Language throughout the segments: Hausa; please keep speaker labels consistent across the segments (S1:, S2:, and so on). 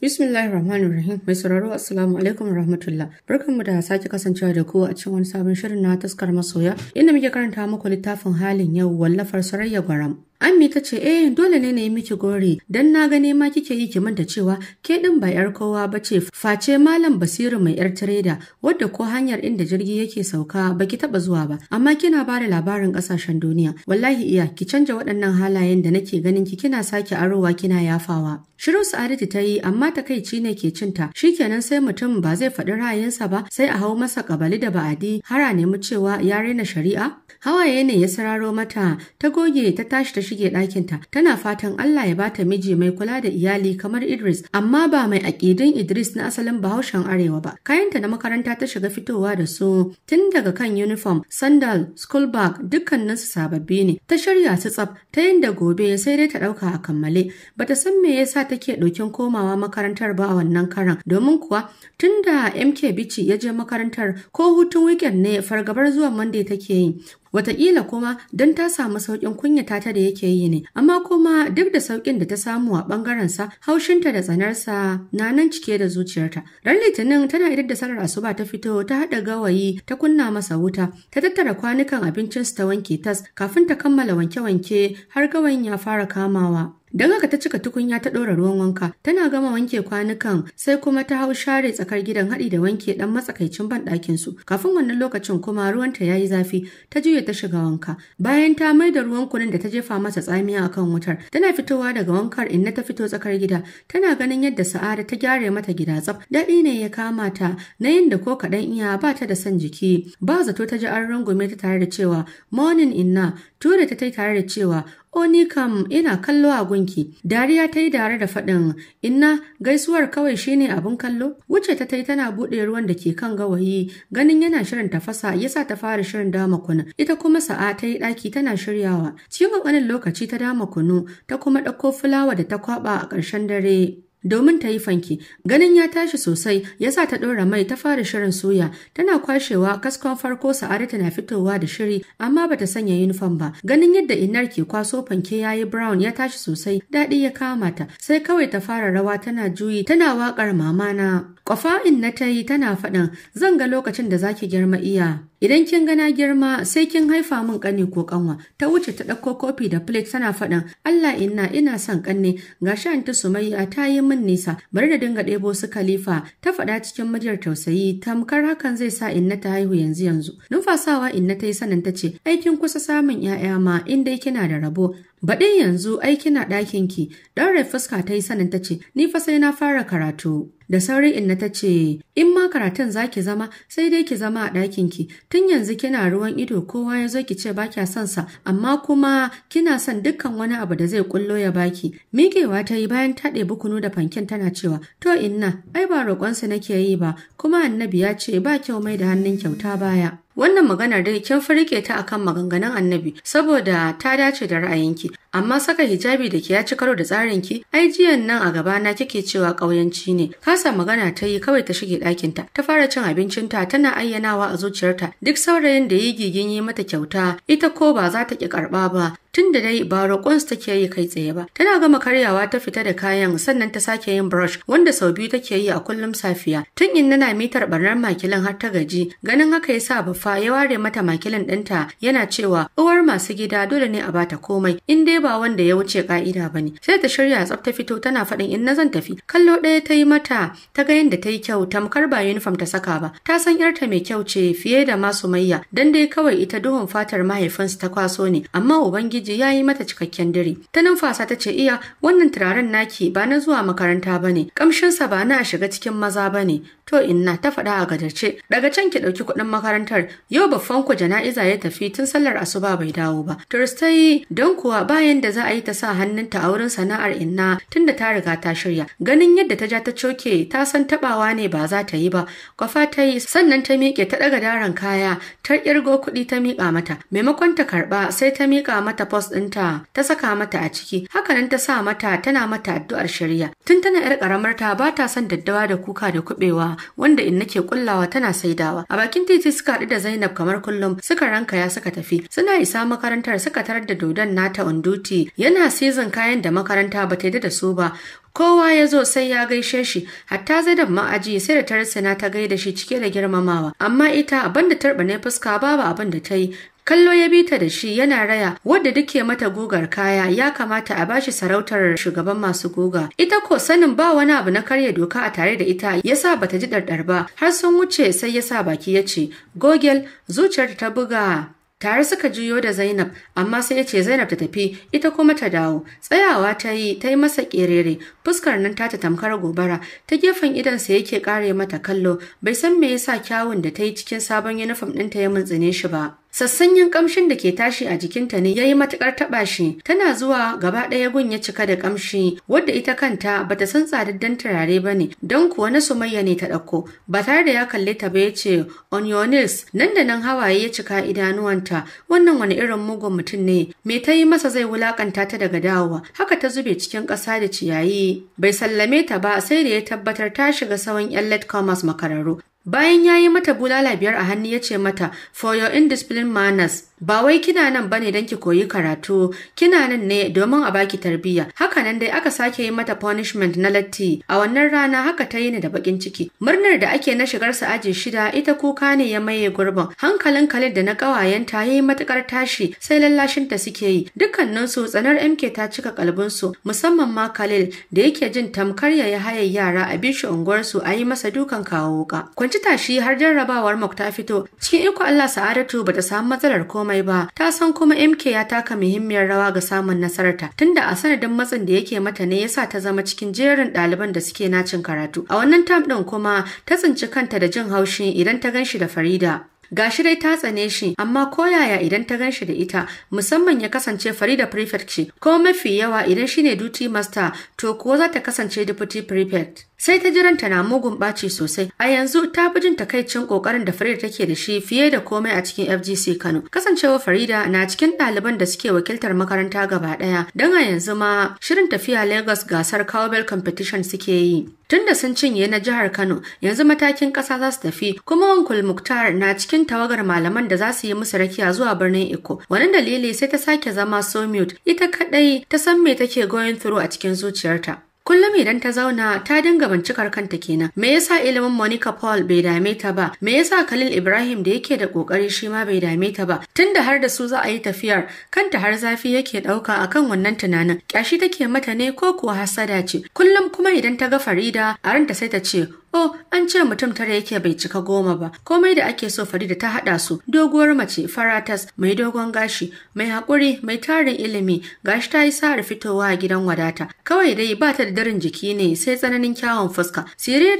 S1: Bismillahir Rahim mai sauraro Assalamu alaikum rahmatullah. mu da sake kasancewa da ku a cikin wani sabon shirin na taskar masoya inda muke karanta muku littafin halin yau wallafar Sarayya Gwaram. Ammi ta ce, "Eh, dole ne na yi miki gori, don na ga nema kike yi ki manta cewa ke ɗin ba 'yar kowa ba ce, face malam basiru mai 'yar tireda, wadda ko hanyar inda jirgi yake sauka ba ki taɓa zuwa ba, amma kina ba da labarin ƙasashen duniya. Wallahi iya, ki canja waɗannan halayen da nake ganin ki kina sake arowa kina yafawa. Shirin Sa'adatu ta yi amma takaici ne ke cinta, kenan sai mutum ba zai faɗi ra'ayinsa ba sai a hau masa ƙabali da ba'adi Hara a nemi cewa ya raina shari'a. Hawaye ne ya sararo mata, ta goge ta tashi ta shige ɗakinta tana fatan Allah ya bata miji mai kula da iyali kamar Idris amma ba mai aƙidin Idris na asalin Bahaushen Arewa ba. Kayanta na makaranta ta shiga fitowa da su tun daga kan uniform, sandal, school bag dukkaninsu sababbi ne. Ta shirya su tsaf ta yinda gobe sai dai ta ɗauka a kammale. Bata san me yasa take ɗokin komawa makarantar ba a wannan karan domin kuwa tun da MK Bichi ya je makarantar ko hutun weekend ne fargabar zuwa Monday take yi Wataƙila kuma don ta samu sauƙin kunyata ta da yake yi ne, amma kuma duk da sauƙin da ta samu a ɓangarensa, haushinta da tsanarsa na nan cike da zuciyarta. Ran Litinin tana idar da sarar asuba ta fito ta haɗa gawayi ta kunna masa wuta, ta tattara kwanukan abincinsu ta wanke tas kafin ta kammala wanke-wanke har gawayin ya fara kamawa. Don haka ta cika tukunya ta ɗora ruwan wanka, tana gama wanke kwanukan sai kuma ta hau share tsakar gidan haɗi da wanke ɗan matsakaicin banɗakinsu. su. Kafin wannan lokacin kuma ruwanta ya yi zafi, ta juya ta shiga wanka. Bayan ta mai da ruwan kunun da ta jefa masa tsamiya akan wutar, tana fitowa daga wankar inna ta fito tsakar gida, tana ganin yadda Sa'ada ta gyara mata gida tsaf. Daɗi ne ya kama ta na yin da ko kaɗan iya ba ta da son jiki. Ba zato ta ji an rungume ta tare da cewa "Morning Inna, Ture ta tai tare da cewa, "O ni kam ina kallo a gunki." Dariya ta yi dare da faɗin, "Inna gaisuwar kawai shine abin kallo?" Wuce ta tai tana buɗe ruwan da ke kan gawayi, ganin yana shirin tafasa, yasa ta fara shirin dama kunu. Ita kuma sa'a ta yi ɗaki tana shiryawa. Cikin ƙanƙanin lokaci ta dama kunu, ta kuma ɗauko fulawa da ta kwaɓa a ƙarshen dare. domin ta yi fanki. Ganin ya tashi sosai, ya sa ta ɗora mai ta fara shirin suya. Tana kwashewa kaskon farko Sa'ada tana fitowa da shiri, amma bata sanya yunifom ba. Ganin yadda inar ke kwaso fanke ya yi brown ya tashi sosai, daɗi ya kama ta. Sai kawai ta fara rawa tana juyi, tana waƙar mama na. Kwafa in na ta yi tana faɗan, zan ga lokacin da zaki girma iya. Idan kin gana girma sai kin haifa min ƙani ko ƙanwa. Ta wuce ta ɗauko kofi da plate tana faɗan Allah inna ina son ƙanne ga ta Sumayya ta yi min nisa bari da dinga ɗebo su kalifa ta faɗa cikin mijiyar tausayi tamkar hakan zai sa inna ta haihu yanzu yanzu. Numfasawa inna ta yi sanin ta ce aikin kusa samun 'ya'ya ma in dai kina da rabo Baɗin yanzu ai kina ɗakin ki, ɗan rai fuska ta yi sanin ta ce, Ni fa sai na fara karatu. Da sauri inna ta ce, "In ma karatun za ki zama, sai dai ki zama a ɗakin ki. Tun yanzu kina ruwan ido kowa ya zo ki ce ba kya son sa, amma kuma kina son dukkan wani abu da zai kullo ya baki." Miƙewa ta yi bayan taɗe bukunu da fanken tana cewa, "To inna, ai ba roƙonsu nake yi ba, kuma annabi ya ce ba kyau mai da hannun kyauta baya." Wannan maganar dai kin farke ta akan maganganun annabi saboda ta dace da ra'ayinki. amma saka hijabi da ke ya ci karo da tsarin ki ai jiyan nan a gaba na kike cewa ƙauyanci ne kasa magana ta yi kawai ta shige ɗakinta ta fara cin abincinta tana ayyanawa a zuciyarta duk saurayin da yi gigin yi mata kyauta ita ko ba za ta ki karɓa ba tun da dai ba roƙonsu take yi kai tsaye ba tana gama karyawa ta fita da kayan sannan ta sake yin brush wanda sau biyu take yi a kullum safiya tun in nana mitar barnar makilin har ta gaji ganin haka ya yasa baffa ya ware mata makilin ɗinta yana cewa uwar masu gida dole ne a bata komai in dai dai ba wanda ya wuce ka'ida ba ne sai ta shirya tsaf ta fito tana faɗin in na zan tafi kallo ɗaya ta yi mata ta ga yadda ta yi kyau tamkar ba yunifam ta saka ba ta san yarta mai kyau ce fiye da masu mayya dan dai kawai ita duhun fatar mahaifinsu ta kwaso ne amma ubangiji ya yi mata cikakken dare ta numfasa ta ce iya wannan turaren naki ba na zuwa makaranta ba ne kamshinsa ba na shiga cikin maza ba ne to inna ta faɗa a gadace daga can ki ɗauki kuɗin makarantar yau babban ku jana'iza ya tafi tun sallar asuba bai dawo ba turistai don kuwa bayan da za a yi ta sa hannunta a wurin sana'ar inna tunda ta riga ta shirya ganin yadda ta ja ta coke ta san tabawa ne ba za ta yi ba kwafa ta yi sannan ta miƙe ta ɗaga daren kaya ta ƙirgo kuɗi ta miƙa mata maimakon ta karɓa sai ta miƙa mata post ɗinta ta saka mata a ciki hakanan ta sa mata tana mata addu'ar shirya tun tana yar ƙaramar ta ba ta son daddawa da kuka da kuɓewa wanda in nake kullawa tana saidawa a bakin titi suka haɗu da Zainab kamar kullum suka ranka ya suka tafi suna isa makarantar suka tarar da dodon nata undu security yana sizin kayan da makaranta ba ta da su ba kowa ya zo sai ya gaishe shi hatta zainab ma'aji sai da tarsina ta gaida shi cike da girmamawa amma ita abin da ne fuska babu abin da ta yi kallo ya bi ta da shi yana raya wadda duke mata gugar kaya ya kamata a bashi sarautar shugaban masu guga ita ko sanin ba wani abu na karya doka a tare da ita ya yasa bata ji ɗarɗar ba har sun wuce sai ya sa baki ya ce gogel zuciyar ta buga Tare suka juyo da Zainab, amma sai ya ce Zainab ta tafi, ita kuma ta dawo. Tsayawa ta yi, ta yi masa kerere, fuskar nan ta ta tamkar gobara, ta gefen idansa yake kare mata kallo, bai san me yasa kyawun da ta yi cikin sabon yunifom ɗinta ya muntsine shi ba. sassanyen kamshin da ke tashi a jikinta ne ya yi matukar taɓa shi tana zuwa gaba ɗaya gun ya cika da kamshi wadda ita kanta ba ta san tsadaddan turare ba ne don kuwa na sumayya ne ta ɗauko ba tare da ya kalli ta ba ya ce onionils nan da nan hawaye ya cika idanuwanta wannan wani irin mugun mutum ne me ta yi masa zai wulakanta ta daga dawowa haka ta zube cikin ƙasa da ciyayi bai sallame ta ba sai da ya tabbatar ta shiga sawan yan commerce makararu. Bayan ya yi mata bulala biyar a hannu ya ce mata, For your indiscipline manners, Ba wai kina nan bane don ki koyi karatu, kina nan ne domin a baki tarbiyya. Haka nan dai aka sake yi mata punishment na latti. A wannan rana haka ta yi ni da bakin ciki. Murnar da ake na shigar sa aji shida ita kuka ne ya maye gurbin. Hankalin Khalid da na ƙawayenta ya yi matukar tashi sai lallashin ta suke yi. Dukkanin su tsanar MK ta cika kalbin su musamman ma Khalil da yake jin tamkar ya yi haye yara a bishi unguwar su a yi masa dukan kawo wuka. Kwanci tashi har jarrabawar Mok ta fito. Cikin iko Allah Sa'adatu bata samu matsalar komai komai ba ta san kuma MK ya taka muhimmiyar rawa ga samun nasararta tunda a sanadin matsin da yake mata ne yasa ta zama cikin jerin ɗaliban da suke nacin karatu a wannan tam ɗin kuma ta tsinci kanta da jin haushi idan ta gan shi da Farida Gashi dai ta tsane shi, amma koyaya idan ta ganshi da ita, musamman ya kasance Farida prefect ce, ko mafi yawa idan shine duty master, to kuwa za ta kasance deputy prefect. sai ta jiranta na mugun ɓaci sosai a yanzu ta fi jin takaicin ƙoƙarin da Farida take da shi fiye da komai a cikin FGC Kano kasancewa Farida na cikin ɗaliban da suke wakiltar makaranta gaba ɗaya don a yanzu ma shirin tafiya Lagos gasar Cowbell competition suke yi tun da sun cinye na jihar Kano yanzu matakin ƙasa za su tafi kuma Wankul Muktar na cikin tawagar malaman da za su yi musu rakiya zuwa birnin Eko wani dalili sai ta sake zama so mute ita kaɗai ta san me take going through a cikin zuciyarta Kullum idan ta zauna ta dinga bincikar kanta kenan. Me yasa ilimin Monica Paul bai dame ta ba? Me yasa Khalil Ibrahim da yake da kokari shi ma bai dame ta ba? Tunda har da su za a yi tafiyar, kanta har zafi yake dauka akan wannan tunanin. Kyashi take mata ne ko kuwa hasada ce. Kullum kuma idan ta ga Farida, a ranta sai ta ce, Oh, an ce mutum tare yake bai cika goma ba. Komai da ake so Farida ta haɗa su, doguwar mace, faratas, mai dogon gashi, mai haƙuri, mai tarin ilimi, gashi ta yi sa'ar fitowa a gidan wadata. Kawai dai ba ta da darin jiki ne sai tsananin kyawun fuska.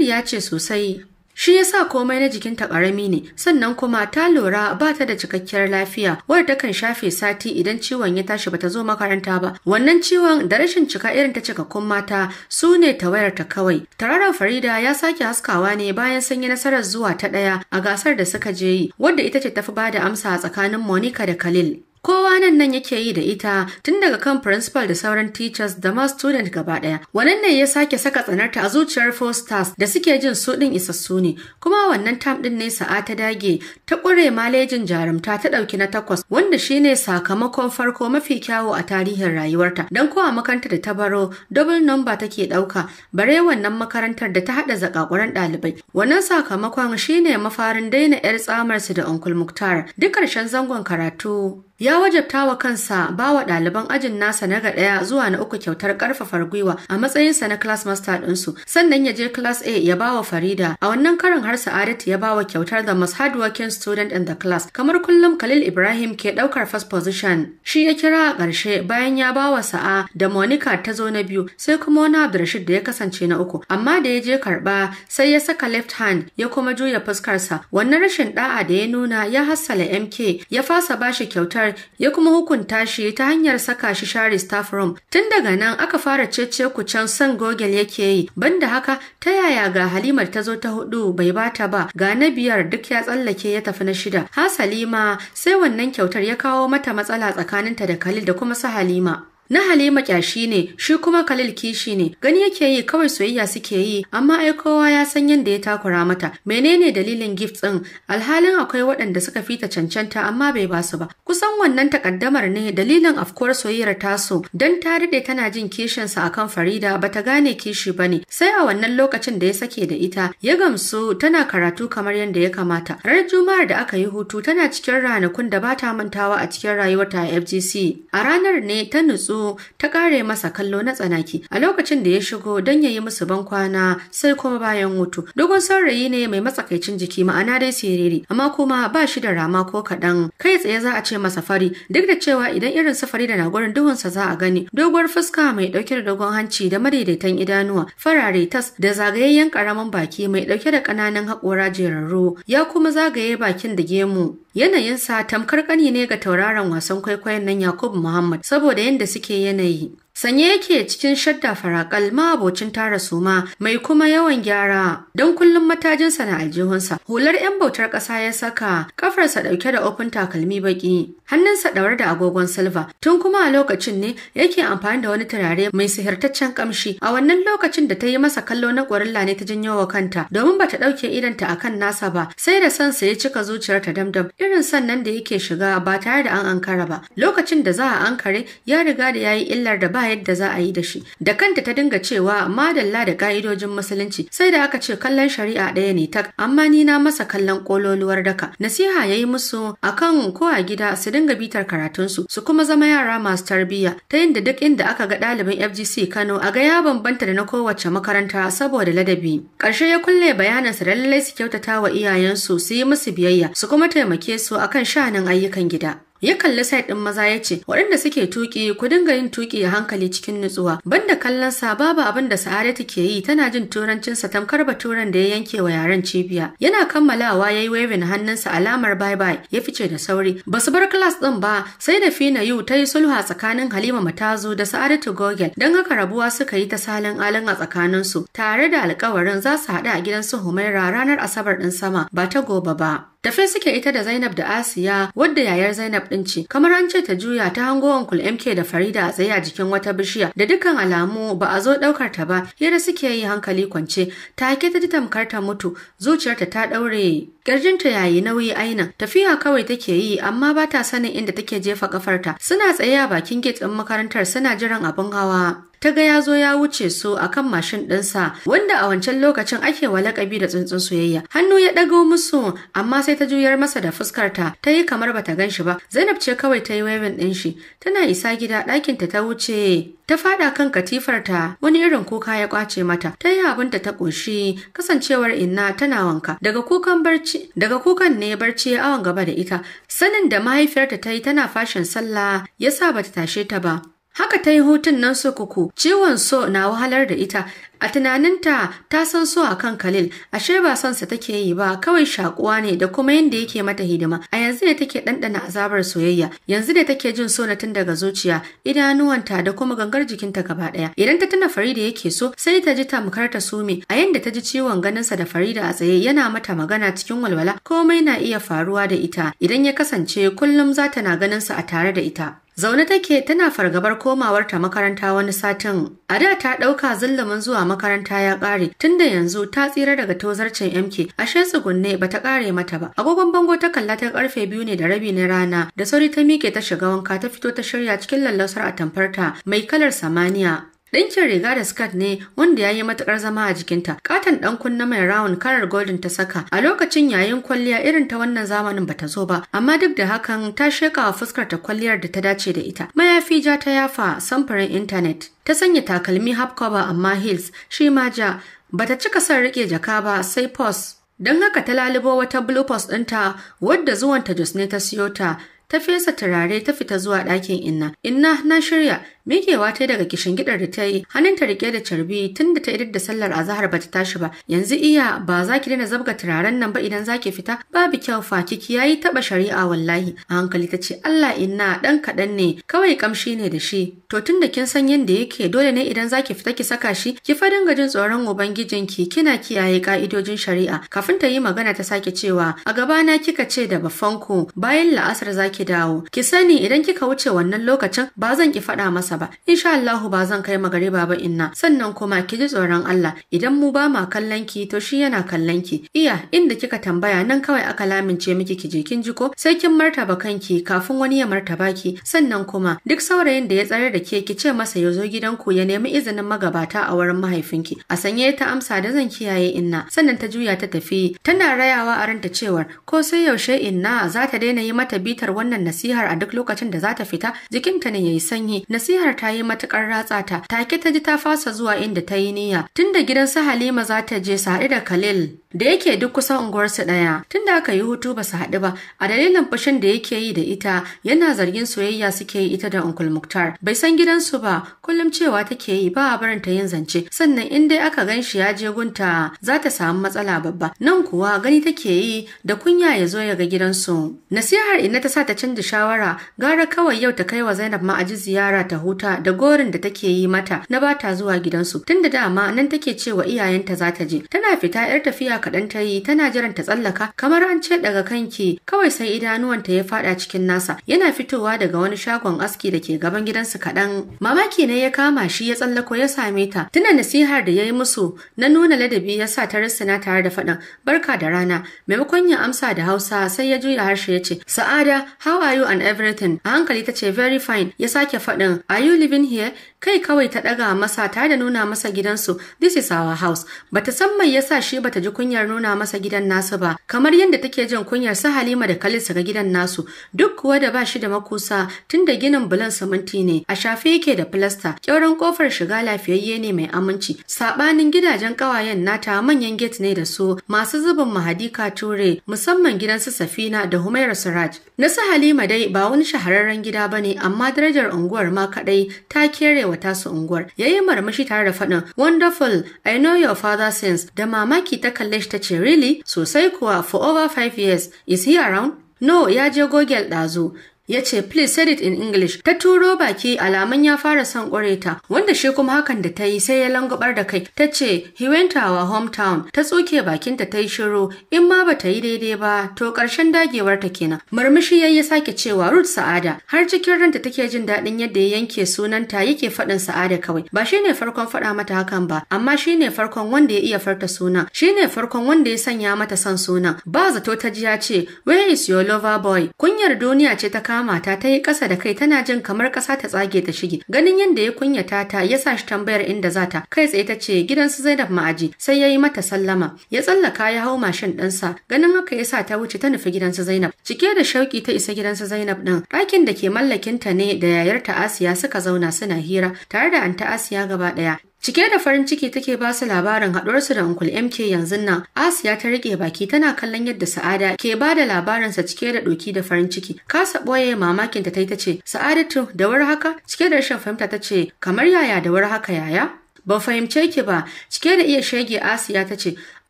S1: ya ce sosai, Shi ya sa komai na jikinta ƙarami ne, sannan kuma ta lura ba ta da cikakkiyar lafiya, wadda takan shafe sati idan ciwon ya tashi bata zo makaranta ba. Wannan ciwon da rashin cika irin ta cikakkun mata su ne tawayarta ta kawai. Tararar Farida ya sake haskawa ne bayan sun nasarar zuwa ta ɗaya a gasar da suka je yi, wadda ita ce tafi ba da amsa a tsakanin Monica da Khalil. kowa nan nan yake yi da ita tun daga kan principal da sauran teachers da ma student gaba daya wannan ne ya sake saka tsanarta a zuciyar four stars da suke jin su din isassu ne kuma wannan tam din ne sa'a ta dage ta kure malejin jarumta ta dauki na takwas wanda shine sakamakon farko mafi kyawu a tarihin rayuwarta dan ko a makarantar da ta baro double number take dauka bare wannan makarantar da ta hada zakakuran dalibai wannan sakamakon shine mafarin daina yar tsamar su da Uncle Muktar duk karshen zangon karatu Ya wajabta wa kansa ba wa ɗaliban ajin nasa na ga ɗaya zuwa na uku kyautar ƙarfafar gwiwa a matsayinsa na class master ɗinsu, sannan ya je class A ya bawa Farida. A wannan karin har Sa'adatu ya bawa kyautar the most hardworking student in the class. Kamar kullum Khalil Ibrahim ke ɗaukar first position. Shi ya kira a ƙarshe bayan ya bawa Sa'a da Monica ta zo na biyu, sai kuma wani Abdurrashid da ya kasance na uku. Amma da ya je karɓa sai ya saka left hand ya kuma juya fuskarsa. Wannan rashin ɗa'a da ya nuna ya hassala MK ya fasa bashi kyautar ya kuma hukunta shi ta hanyar saka shi share staff room. Tun daga nan aka fara cece can son Gogel yake yi. Banda haka ta yaya ga Halimar ta zo ta hudu bai bata ba ga na biyar duk ya tsallake ya tafi na shida. Hasalima sai wannan kyautar ya kawo mata matsala tsakaninta da Khalil da kuma su Halima. na halima kyashi ne shi kuma khalil kishi ne gani yake yi kawai soyayya suke yi amma ai kowa ya san yadda ya takura mata menene dalilin gift din alhalin akwai waɗanda suka fita cancanta amma bai basu ba kusan wannan takaddamar ne dalilin afkuwar soyayyar taso dan ta daɗe tana jin kishinsa akan farida bata gane kishi bane sai a wannan lokacin da ya sake da ita ya gamsu tana karatu kamar yadda ya kamata ranar juma'ar da aka yi hutu tana cikin ranakun da bata mantawa a cikin rayuwarta a FGC a ranar ne ta nutsu zo ta kare masa kallo na tsanaki a lokacin da ya shigo don ya yi musu kwana sai kuma bayan wutu. dogon saurayi ne mai matsakaicin jiki ma'ana dai siriri amma kuma ba shi da rama ko kaɗan kai tsaye za a ce masa fari duk da cewa idan irin safari da nagurin duhunsa za a gani doguwar fuska mai ɗauke da dogon hanci da madaidaitan idanuwa farare tas da zagayayyen karamin baki mai ɗauke da ƙananan haƙora jerarru ya kuma zagaye bakin da gemu yanayinsa tamkar ƙani ne ga tauraron wasan kwaikwayon nan yakubu muhammad saboda yadda suke ಕೇಯನೈ Sanye yake cikin shadda farakal ma'abocin tara suma mai kuma yawan gyara don kullum matajinsa na aljihunsa. Hular 'yan bautar ƙasa ya saka kafarsa ɗauke da ofin takalmi baƙi. Hannunsa ɗaure da agogon silva tun kuma a lokacin ne yake amfani da wani turare mai sihirtaccen ƙamshi. A wannan lokacin da ta yi masa kallo na ƙwarilla ne ta janyo wa kanta domin bata ɗauke idanta akan nasa ba sai da sansa ya cika zuciyarta damdam irin sannan da yake shiga ba tare da an ankara ba. Lokacin da za a ankare ya riga da ya yi illar da ba yadda za a yi da shi da kanta ta dinga cewa madalla da ka'idojin musulunci sai da aka ce kallon shari'a ɗaya ne tak amma ni na masa kallon kololuwar daka nasiha yayi musu akan ko a gida su dinga bitar karatunsu su kuma zama yara masu tarbiyya ta yadda duk inda aka ga ɗalibin FGC Kano a ga ya bambanta da na kowace makaranta saboda ladabi ƙarshe ya kulle bayaninsa da lallai su kyautata wa iyayensu su yi musu biyayya su kuma taimake su akan shanin ayyukan gida ya kalli sai ɗin maza ya ce waɗanda suke tuki ku dinga yin tuki a hankali cikin nutsuwa banda kallon sa babu abin da sa'adatu ke yi tana jin turancin sa tamkar baturan da ya yanke wa yaren cibiya yana kammalawa yayi waving hannunsa alamar bye bye ya fice da sauri basu bar class din ba sai da Fina Yu ta yi sulha tsakanin Halima Matazo da Sa'adatu Gogel don haka rabuwa suka yi ta salin alin a tsakanin su tare da alƙawarin za su haɗu a gidan su Humaira ranar Asabar din sama ba ta gobe ba Tafe suke ita da Zainab da Asiya wadda yayar Zainab din ce. Kamar an ce ta juya ta hango Uncle MK da Farida a tsaye a jikin wata bishiya. Da dukkan alamu ba a zo daukar ta ba. Hira suke yi hankali kwance. Take ta ji tamkar ta mutu. Zuciyarta ta daure. Kirjinta yayi nauyi aina. Tafiya kawai take yi amma ba ta sanin inda take jefa kafarta. Suna tsaye a bakin gate din makarantar suna jiran abin hawa. ta ga ya zo ya wuce su kan mashin ɗinsa wanda a wancan lokacin ake wa lakabi da tsuntsun soyayya hannu ya ɗago musu amma sai ta juyar masa da fuskarta ta yi kamar bata gan shi ba zainab ce kawai ta yi webin ɗin shi tana isa gida ɗakinta ta wuce ta faɗa kan katifar ta wani irin kuka ya kwace mata ta yi abinta ta ƙoshi kasancewar inna tana wanka daga kukan barci daga kukan ne barci ya awon gaba da ita sanin da mahaifiyarta ta yi tana fashin sallah ya sa bata tashe ta ba Haka ta yi hutun nan sukuku, ciwon so na wahalar da ita, a tunaninta ta san so a kan Khalil, ashe ba son sa take yi ba, kawai shakuwa ne da kuma yadda yake mata hidima. A yanzu ne take ɗanɗana azabar soyayya, yanzu ne take jin so na tun daga zuciya, idanuwanta da kuma gangar jikinta gaba ɗaya. Idan ta tuna Farida yake so, sai ta ji tamkar ta sume, a yanda ta ji ciwon ganinsa da Farida a tsaye yana mata magana cikin walwala, komai na iya faruwa da ita, idan ya kasance kullum za ta na ganinsa a tare da ita. Zaune take tana fargabar komawar ta makaranta wani satin. A da ta ɗauka zullumin zuwa makaranta ya ƙare tunda yanzu ta tsira daga tozarcin MK ashe tsugunne ba ta ƙare mata ba. Agogon bango ta kalla ta ƙarfe biyu ne da rabi na rana da sauri ta miƙe ta shiga wanka ta fito ta shirya cikin lallausar atamfarta mai kalar samaniya Ɗinkin riga da skirt ne wanda ya yi matuƙar zama a jikinta. Katon ɗan kunna mai rawun karar golden ta saka. A lokacin yayin kwalliya irin ta wannan zamanin bata zo ba, amma duk da hakan ta sheka wa fuskar ta kwalliyar da ta dace da ita. Mayafi ja ta yafa samfurin intanet. Ta sanya takalmi half cover amma heels shi ma ja. Bata cika son riƙe jaka ba sai post Don haka ta lalubo wata blue post ɗinta wadda zuwanta Jos ne ta siyo ta. ta fesa turare ta fita zuwa ɗakin inna inna na shirya Mikewa ta daga gidar da ta yi, hannunta rike da carbi tun da ta idar da sallar azahar ba ta tashi ba. Yanzu iya ba za ki daina zabga turaren nan ba idan za ki fita, babu kyau fa kiki yayi taɓa shari'a wallahi. A hankali ta ce Allah inna Dan kaɗan ne, kawai kamshi ne da shi. To tun da kin san yadda yake dole ne idan za ki fita ki saka shi, ki fa dinga jin tsoron ubangijinki kina kiyaye ka'idojin shari'a. Kafin ta yi magana ta sake cewa a gabana kika ce da bafanku bayan la'asar za ki dawo. Ki sani idan kika wuce wannan lokacin ba zan ki faɗa masa ba insha Allahu ba zan kai magariba ba inna sannan kuma ki ji tsoron Allah idan mu ba ma kallon ki to shi yana kallon ki iya inda kika tambaya nan kawai aka lamince miki ki je kin jiko sai kin martaba kanki kafin wani ya martaba ki sannan kuma duk saurayin da ya tsare da ke ki ce masa ya zo gidanku ya nemi izinin magabata a wurin mahaifinki a sanye ta amsa da zan kiyaye inna sannan ta juya ta tafi tana rayawa a ranta cewar ko sai yaushe inna za ta daina yi mata bitar wannan nasihar a duk lokacin da za ta fita jikinta ne yayi sanyi nasihar nasihar ta yi matukar ratsa ta take ta ji ta fasa zuwa inda ta yi niyya tunda gidan su Halima za ta je su da Khalil da yake duk kusan unguwarsu ɗaya tunda aka yi hutu ba su haɗu ba a dalilin fushin da yake yi da ita yana zargin soyayya suke yi ita da Uncle Muktar bai san gidan su ba kullum cewa take yi ba a barin ta yin zance sannan in dai aka ganshi ya je gunta za ta samu matsala babba nan kuwa gani take yi da kunya ya zo ya ga su nasihar ina ta sa ta canza shawara gara kawai yau ta kai wa Zainab ma ziyara ta huta da gorin da take yi mata na ba ta zuwa gidansu tun da dama nan take cewa iyayenta za ta je tana fita yar tafiya kaɗan ta yi tana jiran ta tsallaka kamar an ce daga kanki kawai sai idanuwanta ya faɗa cikin nasa yana fitowa daga wani shagon aski da ke gaban gidansu kaɗan mamaki ne ya kama shi ya tsallako ya same ta tuna nasihar da ya yi musu na nuna ladabi ya sa ta rissana tare da faɗin barka da rana maimakon ya amsa da hausa sai ya juya harshe ya ce sa'ada how are you and everything a hankali ta ce very fine ya sake faɗin you living here kai kawai ta ɗaga masa ta da nuna masa gidansu this is our house bata san mai yasa shi bata ji kunyar nuna masa gidan nasu ba kamar yadda take jin kunyar su Halima da kalisa ga gidan nasu duk kuwa da ba shi da makusa tunda ginin bulan siminti ne a shafe yake da filasta kyauran kofar shiga lafiyayye ne mai aminci sabanin gidajen kawayen nata manyan gate ne da su masu zubin mahadi Ture, musamman gidan su Safina da Humaira Siraj na su Halima dai ba wani shahararren gida bane amma darajar unguwar ma kadai ta kere wa tasu unguwar ya yi marmashi tare da faɗin wonderful i know your father since da mamaki ta kalle shi ta ce really sosai kuwa for over five years is he around no ya je gogel ɗazu ya ce please said it in English ta turo baki alamun ya fara son ƙureta wanda shi kuma hakan da ta yi sai ya langubar da kai ta ce he went to our hometown ta tsoke bakinta ta yi shiru in ma ba ta yi daidai ba to ƙarshen dagewar ta kenan murmushi ya yi sake cewa Ruth Sa'ada har cikin ranta take jin daɗin yadda ya yanke sunanta yake faɗin Sa'ada kawai ba shine farkon faɗa mata hakan ba amma shine farkon wanda ya iya farta sunan shine farkon wanda ya sanya mata son sunan ba zato ta ji ya ce where is your lover boy kunyar duniya ce ta kama mata ta yi ƙasa da kai tana jin kamar ƙasa ta tsage ta shige ganin yadda ya kunyata ta ya sa shi tambayar inda za ta kai tsaye ta ce gidan su Zainab ma'aji sai ya yi mata sallama ya tsallaka ya hau mashin ɗinsa ganin haka ya sa ta wuce ta nufi gidan su Zainab cike da shauki ta isa gidan su Zainab ɗin ɗakin da ke mallakinta ne da yayarta Asiya suka zauna suna hira tare da anta Asiya gaba ɗaya Cike da farin ciki take ba su labarin haɗuwarsu da Uncle MK yanzu nan, Asiya ta riƙe baki tana kallon yadda Sa'ada ke ba da labarinsa cike da ɗoki da farin ciki. Kasa ɓoye mamakin ta ta ce, Sa'adatu da war haka? Cike da rashin fahimta ta ce, kamar yaya da war haka yaya? Ban fahimce ki ba, cike da iya shege Asiya ta ce,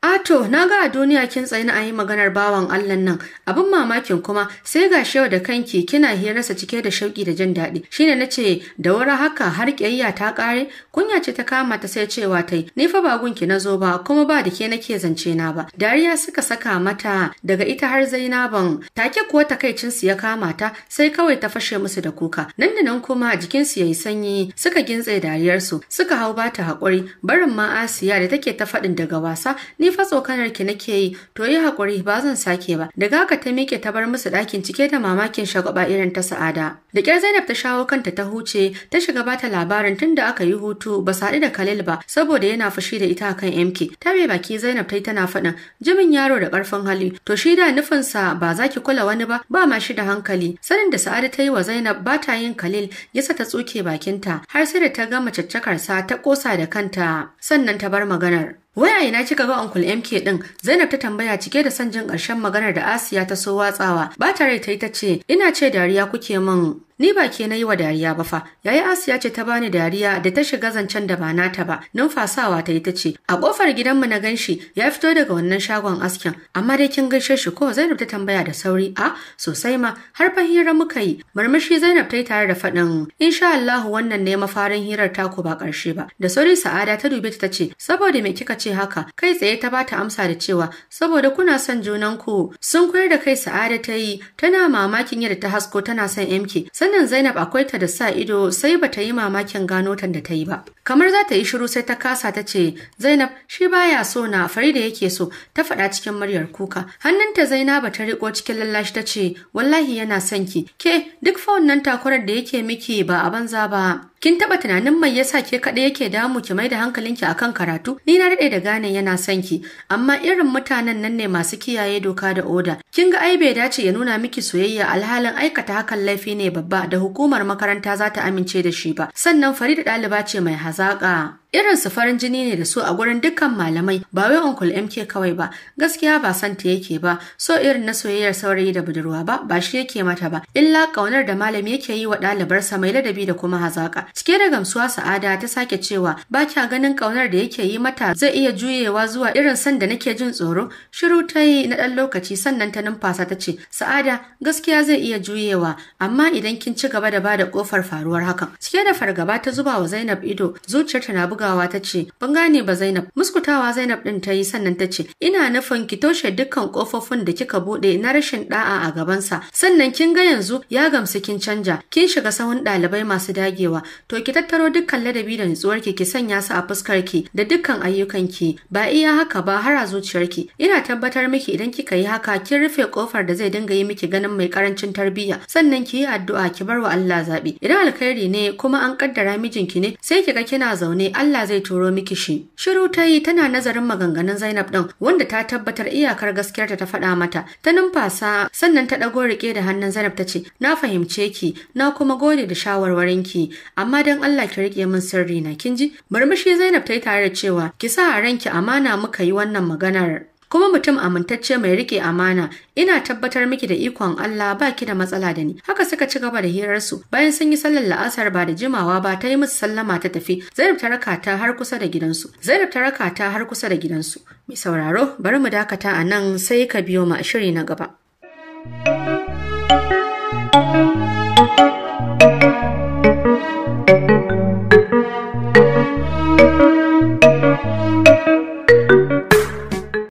S1: Ato, na ga a duniya kin tsayi na yi maganar bawan Allah nan. Abin mamakin kuma sai ga shewa da kanki kina hirarsa cike da shauki da jin daɗi. Shi ne na ce da wara haka har ƙiyayya ta ƙare, kunya ce ta kama ta sai cewa ta yi. ni fa ba gunki na zo ba kuma ba da ke nake zance na ba. Dariya suka saka mata daga ita har Zainaban. Take kuwa takaicin su ya kama ta sai kawai ta fashe musu da kuka. Nan da nan kuma jikinsu ya yi sanyi, suka gintse dariyarsu. suka hau bata haƙuri, barin ma Asiya da take ta faɗin daga wasa, ni ni fa tsokanar ki nake yi to yi hakuri ba zan sake ba daga haka ta miƙe ta bar musu ɗakin cike da mamakin shagaba irin ta sa'ada da ƙyar Zainab ta shawo kanta ta huce ta shiga bata labarin tun da aka yi hutu ba su da Khalil ba saboda yana fushi da ita akan MK ta bai baki Zainab ta yi tana faɗin jimin yaro da ƙarfin hali to shi da nufinsa ba za ki kula wani ba ba ma shi da hankali sanin da Sa'ada ta yi wa Zainab ba ta yin Khalil yasa ta tsuke bakinta har sai da ta gama caccakar sa ta kosa da kanta sannan ta bar maganar Waya ina kika ga Uncle MK din? Zainab ta tambaya cike da son jin ƙarshen maganar da Asiya ta so watsawa. Ba ta rai ta yi ta ce, "Ina ce dariya kuke min Ni ba ke na yi wa dariya ba fa, yayi Asiya ce ta bani dariya da ta shiga zancen da ba nata ba, numfasawa ta yi ta ce, a kofar gidanmu na ganshi ya fito daga wannan shagon asken, amma dai kin gaishe shi ko Zainab ta tambaya da sauri, a sosai ma har fa hira muka yi, murmushi Zainab ta yi tare da faɗin, insha Allah wannan ne mafarin hirar taku ba ƙarshe ba. Da sauri Sa'ada ta dube ta ce, saboda me kika ce haka? Kai tsaye ta bata amsa da cewa, saboda kuna son junanku. Sun koyar da kai Sa'ada ta yi, tana mamakin yadda ta hasko tana son MK. Sannan Zainab akwai ta da sa ido sai ba ta yi mamakin gano ta da ta yi ba. Kamar za ta yi shiru sai ta kasa ta ce, Zainab shi baya so na Farida yake so, ta faɗa cikin muryar kuka. Hannunta Zainaba ta riko cikin lallashi ta ce, wallahi yana son ki. Ke duk fa wannan takwarar da yake miki ba a banza ba. Kin taba tunanin mai yasa ke kaɗai yake damu ki mai da hankalinki akan karatu? Ni na daɗe da gane yana son ki, amma irin mutanen nan ne masu kiyaye doka da oda. Kin ga ai bai dace ya nuna miki soyayya alhalin aikata hakan laifi ne babba da hukumar makaranta za ta amince da shi ba. Sannan Farida ɗaliba ce mai hazaƙa. Irin su farin jini ne da su a gurin dukkan malamai ba wai onkul MK kawai ba gaskiya ba santa yake ba so irin na soyayyar saurayi da budurwa ba ba shi yake mata ba illa kaunar da malami yake yi wa ɗalibarsa mai ladabi da kuma hazaka. Cike da gamsuwa Sa'ada ta sake cewa ba kya ganin kaunar da yake yi mata zai iya juyewa zuwa irin san da nake jin tsoro shiru ta yi na ɗan lokaci sannan ta numfasa ta ce Sa'ada gaskiya zai iya juyewa amma idan kin ci gaba da bada kofar faruwar hakan. Cike da fargaba ta zuba wa Zainab ido zuciyarta na buga bugawa ta ce ban gane ba Zainab muskutawa Zainab din ta yi sannan ta ce ina nufin ki toshe dukkan kofofin da kika bude na rashin da'a a gabansa sannan kin ga yanzu ya gamsu kin canja kin shiga sahun ɗalibai masu dagewa to ki tattaro dukkan ladabi da nutsuwar ki ki sanya su a fuskar ki da dukkan ayyukan ki ba iya haka ba har a zuciyar ki ina tabbatar miki idan kika yi haka kin rufe kofar da zai dinga yi miki ganin mai karancin tarbiyya sannan ki yi addu'a ki bar wa Allah zabi idan alkhairi ne kuma an kaddara mijinki ne sai kika kina zaune Allah Allah zai turo miki shi. Shiru ta yi tana nazarin maganganun Zainab ɗin wanda ta tabbatar iyakar gaskiyarta ta faɗa mata. Ta numfasa sannan ta ɗago rike da hannun Zainab ta ce, "Na fahimce ki, na kuma gode da shawarwarinki, amma dan Allah ki rike min sirri na kin ji?" Murmushi Zainab ta yi tare da cewa, "Ki sa a ranki amana muka yi wannan maganar." kuma mutum amintacce mai rike amana ina tabbatar miki da ikon Allah ba ki da matsala da ni haka suka ci gaba da hirarsu bayan sun yi sallar la'asar ba da jimawa ba ta yi musu sallama ta tafi Zainab ta raka ta har kusa da gidansu Zainab ta raka ta har kusa da gidansu mai sauraro bari mu dakata a nan sai ka biyo ma shiri na gaba thank you